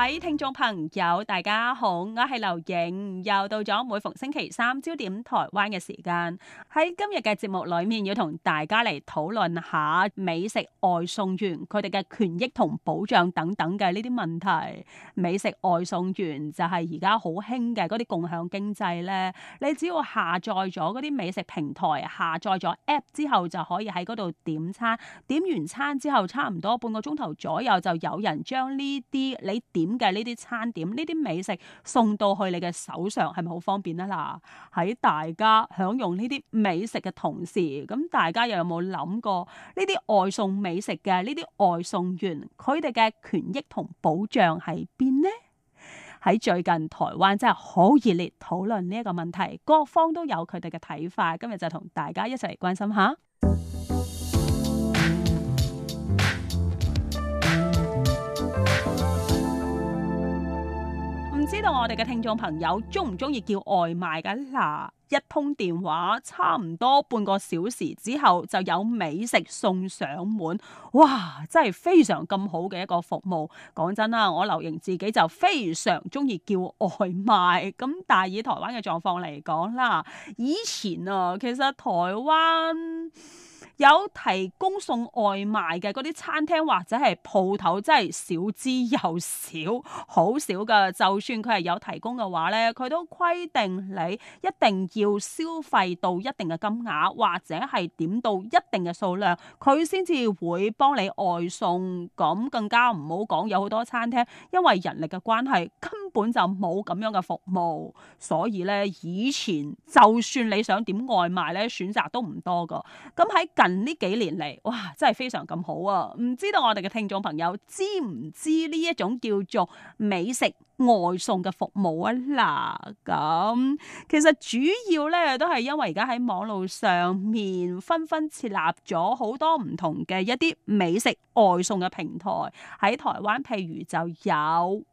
各位聽眾朋友，大家好，我係劉穎，又到咗每逢星期三焦點台灣嘅時間。喺今日嘅節目裏面，要同大家嚟討論下美食外送員佢哋嘅權益同保障等等嘅呢啲問題。美食外送員就係而家好興嘅嗰啲共享經濟咧，你只要下載咗嗰啲美食平台，下載咗 app 之後就可以喺嗰度點餐，點完餐之後差唔多半個鐘頭左右就有人將呢啲你點。咁嘅呢啲餐點，呢啲美食送到去你嘅手上，係咪好方便啊？啦喺大家享用呢啲美食嘅同時，咁大家又有冇諗過呢啲外送美食嘅呢啲外送員佢哋嘅權益同保障喺邊呢？喺最近台灣真係好熱烈討論呢一個問題，各方都有佢哋嘅睇法。今日就同大家一齊嚟關心下。知道我哋嘅聽眾朋友中唔中意叫外賣嘅嗱，一通電話差唔多半個小時之後就有美食送上門，哇！真係非常咁好嘅一個服務。講真啦，我劉盈自己就非常中意叫外賣。咁但係以台灣嘅狀況嚟講啦，以前啊，其實台灣。有提供送外賣嘅嗰啲餐廳或者係鋪頭，真係少之又少，好少㗎。就算佢係有提供嘅話呢，佢都規定你一定要消費到一定嘅金額，或者係點到一定嘅數量，佢先至會幫你外送。咁更加唔好講，有好多餐廳因為人力嘅關係，本就冇咁樣嘅服務，所以咧以前就算你想點外賣咧，選擇都唔多噶。咁喺近呢幾年嚟，哇，真係非常咁好啊！唔知道我哋嘅聽眾朋友知唔知呢一種叫做美食外送嘅服務啊啦，咁其實主要咧都係因為而家喺網路上面紛紛設立咗好多唔同嘅一啲美食外送嘅平台喺台灣，譬如就有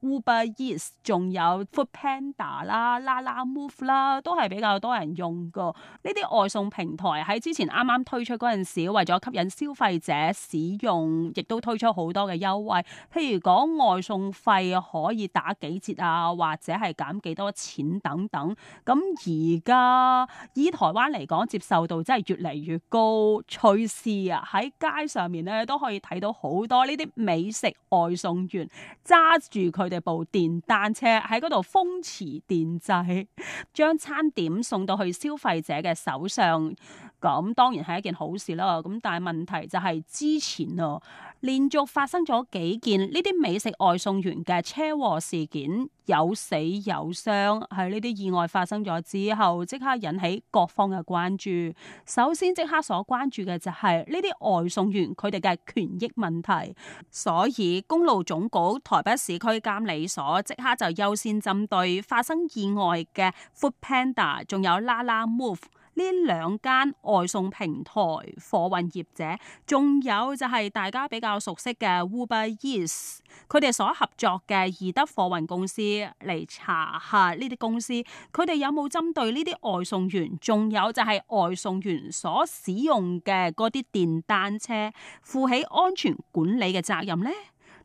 Uber Eats 仲有 Foodpanda 啦、Lalamove 啦，都係比較多人用嘅呢啲外送平台。喺之前啱啱推出嗰陣時，為咗吸引消費者使用，亦都推出好多嘅優惠，譬如講外送費可以打幾折啊，或者係減幾多錢等等。咁而家以台灣嚟講，接受度真係越嚟越高。趣事啊，喺街上面咧都可以睇到好多呢啲美食外送員揸住佢哋部電單車喺嗰度風馳電掣，將餐點送到去消費者嘅手上。咁當然係一件好事啦，咁但係問題就係之前啊，連續發生咗幾件呢啲美食外送員嘅車禍事件，有死有傷。喺呢啲意外發生咗之後，即刻引起各方嘅關注。首先即刻所關注嘅就係呢啲外送員佢哋嘅權益問題，所以公路總局台北市區監理所即刻就優先針對發生意外嘅 Food Panda，仲有 Lalamove。呢兩間外送平台、貨運業者，仲有就係大家比較熟悉嘅 Uber Eats，佢哋所合作嘅易德貨運公司，嚟查下呢啲公司，佢哋有冇針對呢啲外送員，仲有就係外送員所使用嘅嗰啲電單車，負起安全管理嘅責任呢？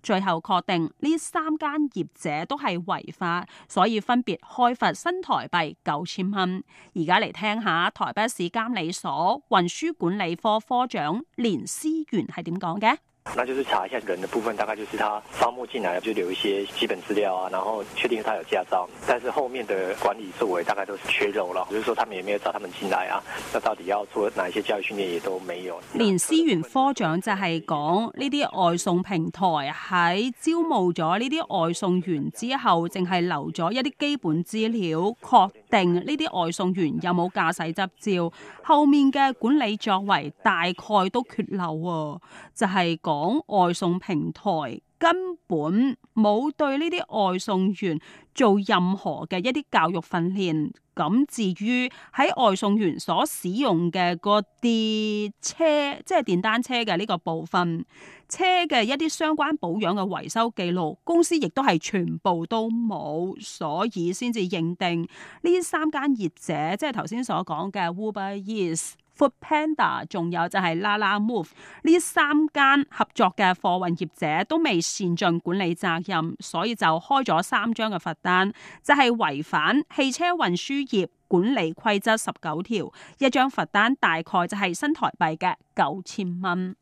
最後確定呢三間業者都係違法，所以分別開罰新台幣九千蚊。而家嚟聽下台北市監理所運輸管理科科長連思源係點講嘅。那就是查一下人的部分，大概就是他招募進來就留一些基本資料啊，然後確定他有駕照，但是後面的管理作為大概都是缺肉咯。比如說，他們有沒有招他們進來啊？那到底要做哪一些教育訓練也都沒有。連思源科長就係講呢啲外送平台喺招募咗呢啲外送員之後，淨係留咗一啲基本資料確定呢啲外送員有冇駕駛執照？後面嘅管理作為大概都缺漏啊，就係、是、講外送平台。根本冇對呢啲外送員做任何嘅一啲教育訓練，咁至於喺外送員所使用嘅嗰啲車，即係電單車嘅呢個部分，車嘅一啲相關保養嘅維修記錄，公司亦都係全部都冇，所以先至認定呢三間業者，即係頭先所講嘅 Uber Eats。Foodpanda 仲有就係，LaLaMove 呢三間合作嘅貨運業者都未善盡管理責任，所以就開咗三張嘅罰單，就係、是、違反汽車運輸業管理規則十九條，一張罰單大概就係新台幣嘅九千蚊。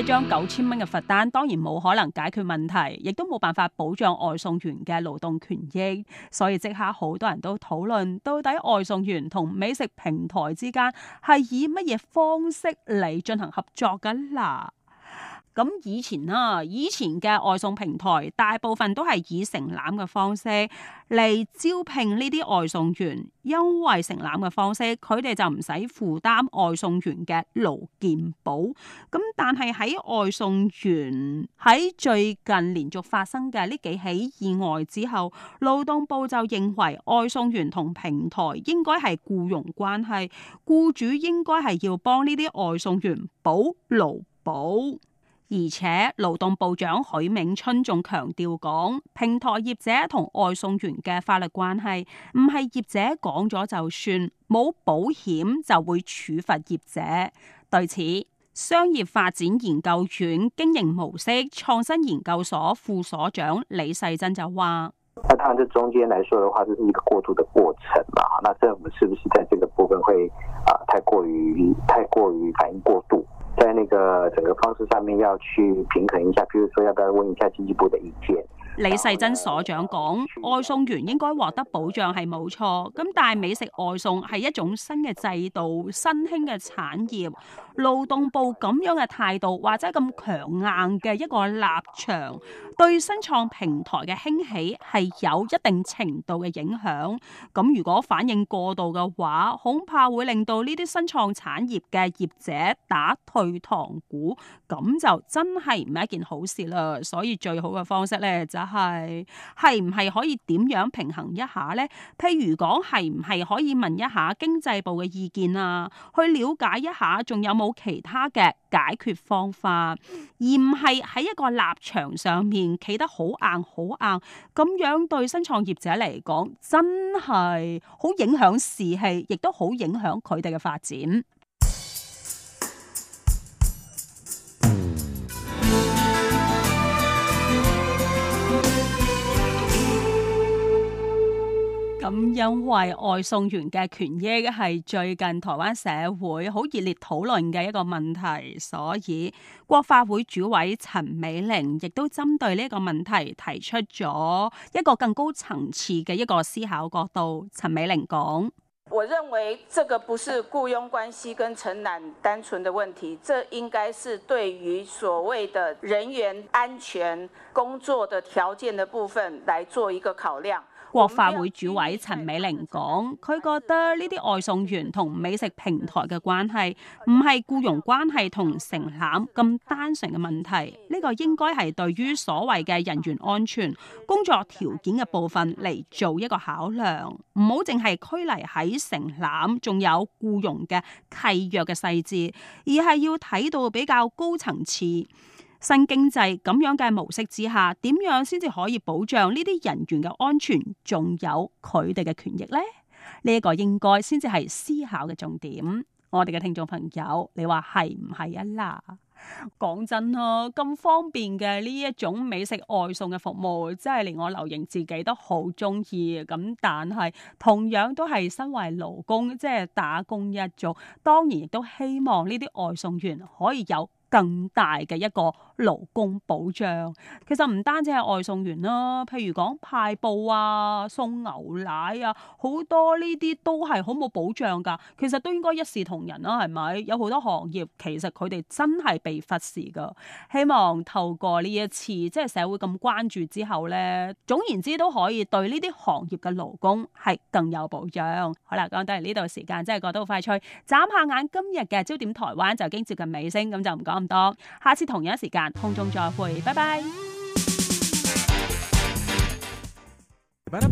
一張九千蚊嘅罰單，當然冇可能解決問題，亦都冇辦法保障外送員嘅勞動權益，所以即刻好多人都討論，到底外送員同美食平台之間係以乜嘢方式嚟進行合作㗎喇。咁以前啦，啊，以前嘅外送平台大部分都係以承攬嘅方式嚟招聘呢啲外送員，因為承攬嘅方式，佢哋就唔使負擔外送員嘅勞健保。咁但係喺外送員喺最近連續發生嘅呢幾起意外之後，勞動部就認為外送員同平台應該係僱傭關係，僱主應該係要幫呢啲外送員保勞保。而且勞動部長許銘春仲強調講，平台業者同外送員嘅法律關係唔係業者講咗就算，冇保險就會處罰業者。對此，商業發展研究院經營模式創新研究所副所長李世珍就話：中間來說嘅話，就是一個過渡的過程嘛。那政府是不是在呢個部分會啊太過於太過於反應過度？在那個整個方式上面要去平衡一下，譬如說，要不要問一下經濟部的意見？李世珍所長講，外送員應該獲得保障係冇錯，咁但係美食外送係一種新嘅制度，新興嘅產業。勞動部咁樣嘅態度或者咁強硬嘅一個立場對新創平台嘅興起係有一定程度嘅影響，咁如果反應過度嘅話，恐怕會令到呢啲新創產業嘅業者打退堂鼓，咁就真係唔係一件好事啦。所以最好嘅方式咧，就是，就係係唔係可以點樣平衡一下咧？譬如講係唔係可以問一下經濟部嘅意見啊？去了解一下仲有冇？其他嘅解決方法，而唔係喺一個立場上面企得好硬、好硬咁樣，對新創業者嚟講，真係好影響士氣，亦都好影響佢哋嘅發展。咁、嗯、因為外送員嘅權益係最近台灣社會好熱烈討論嘅一個問題，所以國發會主委陳美玲亦都針對呢個問題提出咗一個更高層次嘅一個思考角度。陳美玲講：我認為這個不是僱傭關係跟承攬單純的問題，這應該是對於所謂的人員安全、工作的條件的部分來做一個考量。國法會主委陳美玲講，佢覺得呢啲外送員同美食平台嘅關係唔係僱傭關係同承攬咁單純嘅問題，呢個應該係對於所謂嘅人員安全、工作條件嘅部分嚟做一個考量，唔好淨係拘泥喺承攬，仲有僱傭嘅契約嘅細節，而係要睇到比較高層次。新經濟咁樣嘅模式之下，點樣先至可以保障呢啲人員嘅安全，仲有佢哋嘅權益呢？呢一個應該先至係思考嘅重點。我哋嘅聽眾朋友，你話係唔係啊啦？講真啦，咁方便嘅呢一種美食外送嘅服務，真係令我劉瑩自己都好中意。咁但係同樣都係身為勞工，即係打工一族，當然亦都希望呢啲外送員可以有更大嘅一個。勞工保障其實唔單止係外送員啦，譬如講派報啊、送牛奶啊，好多呢啲都係好冇保障㗎。其實都應該一視同仁啦，係咪？有好多行業其實佢哋真係被忽視㗎。希望透過呢一次即係社會咁關注之後呢，總言之都可以對呢啲行業嘅勞工係更有保障。好啦，講到嚟呢度時間真係覺得好快脆，眨下眼今日嘅焦點台灣就已經接近尾聲，咁就唔講咁多。下次同樣時間。空中再會，拜拜拜拜。